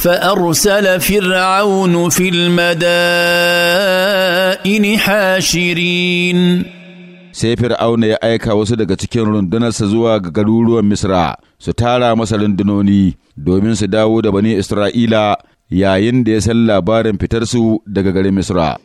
فارسل فرعون في المدائن حاشرين sai fir'auna ya aika wasu daga cikin rundunarsa zuwa ga garuruwan misra su tara masa rundunoni domin su dawo da bani isra'ila yayin da ya san labarin fitar su daga garin misra